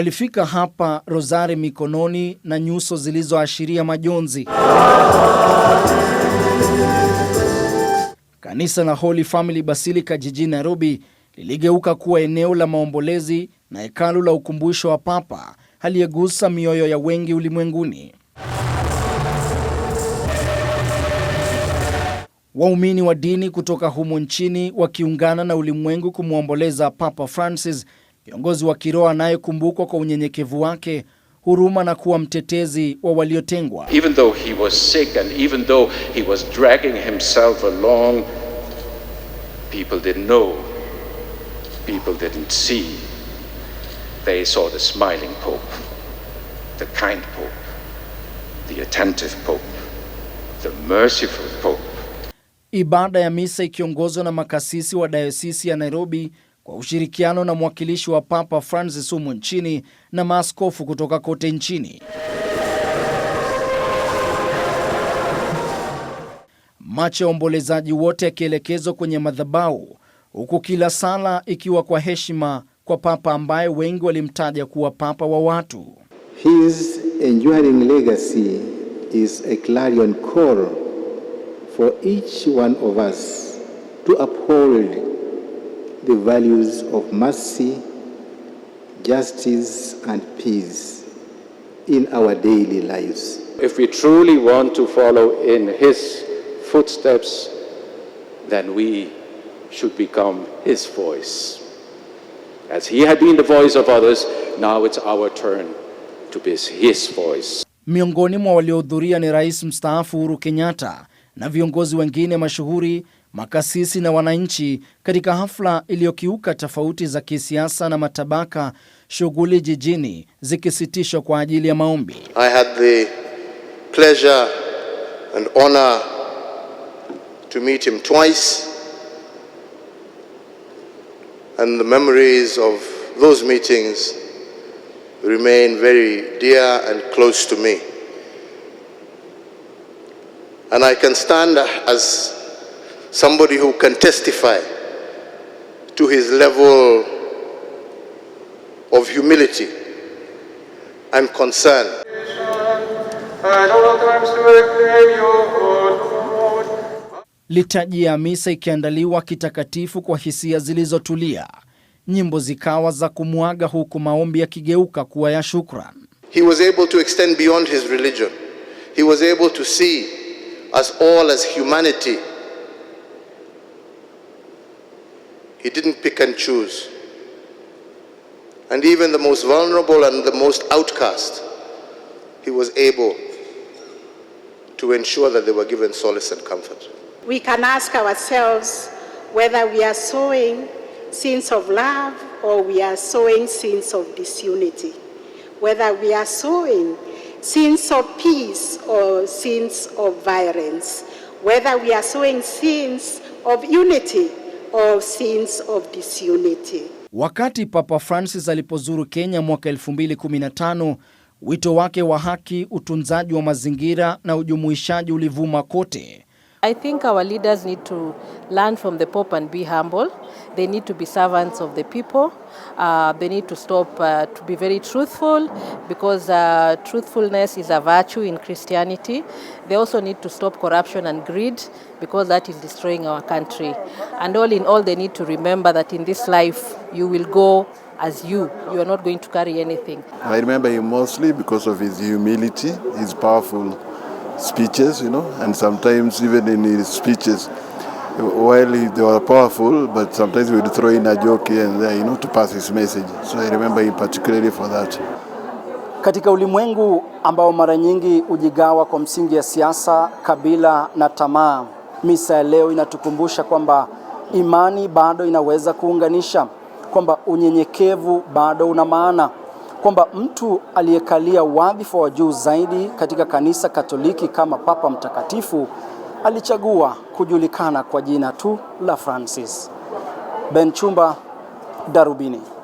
Walifika hapa rozari mikononi na nyuso zilizoashiria majonzi. Kanisa la Holy Family Basilica jijini Nairobi liligeuka kuwa eneo la maombolezi na hekalu la ukumbusho wa Papa aliyegusa mioyo ya wengi ulimwenguni. Waumini wa dini kutoka humo nchini wakiungana na ulimwengu kumwomboleza Papa Francis Kiongozi wa kiroho anayekumbukwa kwa unyenyekevu wake, huruma na kuwa mtetezi wa waliotengwa. Even though he was sick and even though he was dragging himself along, people didn't know, people didn't see. They saw the smiling pope, the kind pope, the attentive pope, the merciful pope. Ibada ya misa ikiongozwa na makasisi wa dayosisi ya Nairobi kwa ushirikiano na mwakilishi wa Papa Francis humu nchini na maaskofu kutoka kote nchini. Macho ya ombolezaji wote yakielekezwa kwenye madhabahu, huku kila sala ikiwa kwa heshima kwa Papa ambaye wengi walimtaja kuwa Papa wa watu. His enduring legacy is a clarion call for each one of us to uphold the values of mercy, justice and peace in our daily lives. If we truly want to follow in his footsteps, then we should become his voice. As he had been the voice of others, now it's our turn to be his voice. Miongoni mwa waliohudhuria ni Rais mstaafu Uhuru Kenyatta na viongozi wengine mashuhuri, makasisi na wananchi katika hafla iliyokiuka tofauti za kisiasa na matabaka, shughuli jijini zikisitishwa kwa ajili ya maombi. I had the pleasure and honor to meet him twice and the memories of those meetings remain very dear and close to me and I can stand as somebody who can testify to his level of humility and concern. Litaji ya misa ikiandaliwa kitakatifu kwa hisia zilizotulia, nyimbo zikawa za kumwaga, huku maombi yakigeuka kuwa ya shukran. He was able to extend beyond his religion. He was able to see us all as humanity. He didn't pick and choose. And even the most vulnerable and the most outcast, he was able to ensure that they were given solace and comfort. We can ask ourselves whether we are sowing sins of love or we are sowing sins of disunity, whether we are sowing sins of peace or sins of violence, whether we are sowing sins of unity or sins of disunity. Wakati Papa Francis alipozuru Kenya mwaka 2015, wito wake wa haki, utunzaji wa mazingira na ujumuishaji ulivuma kote I think our leaders need to learn from the Pope and be humble. They need to be servants of the people. Uh, they need to stop uh, to be very truthful because uh, truthfulness is a virtue in Christianity. They also need to stop corruption and greed because that is destroying our country. And all in all, they need to remember that in this life you will go as you. You are not going to carry anything. I remember him mostly because of his humility, his powerful speeches, you know, and sometimes even in his speeches, while he, they were powerful, but sometimes he would throw in a joke here and there, you know, to pass his message. So I remember him particularly for that. Katika ulimwengu ambao mara nyingi hujigawa kwa msingi ya siasa, kabila na tamaa, misa ya leo inatukumbusha kwamba imani bado inaweza kuunganisha, kwamba unyenyekevu bado una maana kwamba mtu aliyekalia wadhifa wa juu zaidi katika kanisa Katoliki kama Papa Mtakatifu alichagua kujulikana kwa jina tu la Francis. Ben Chumba, Darubini.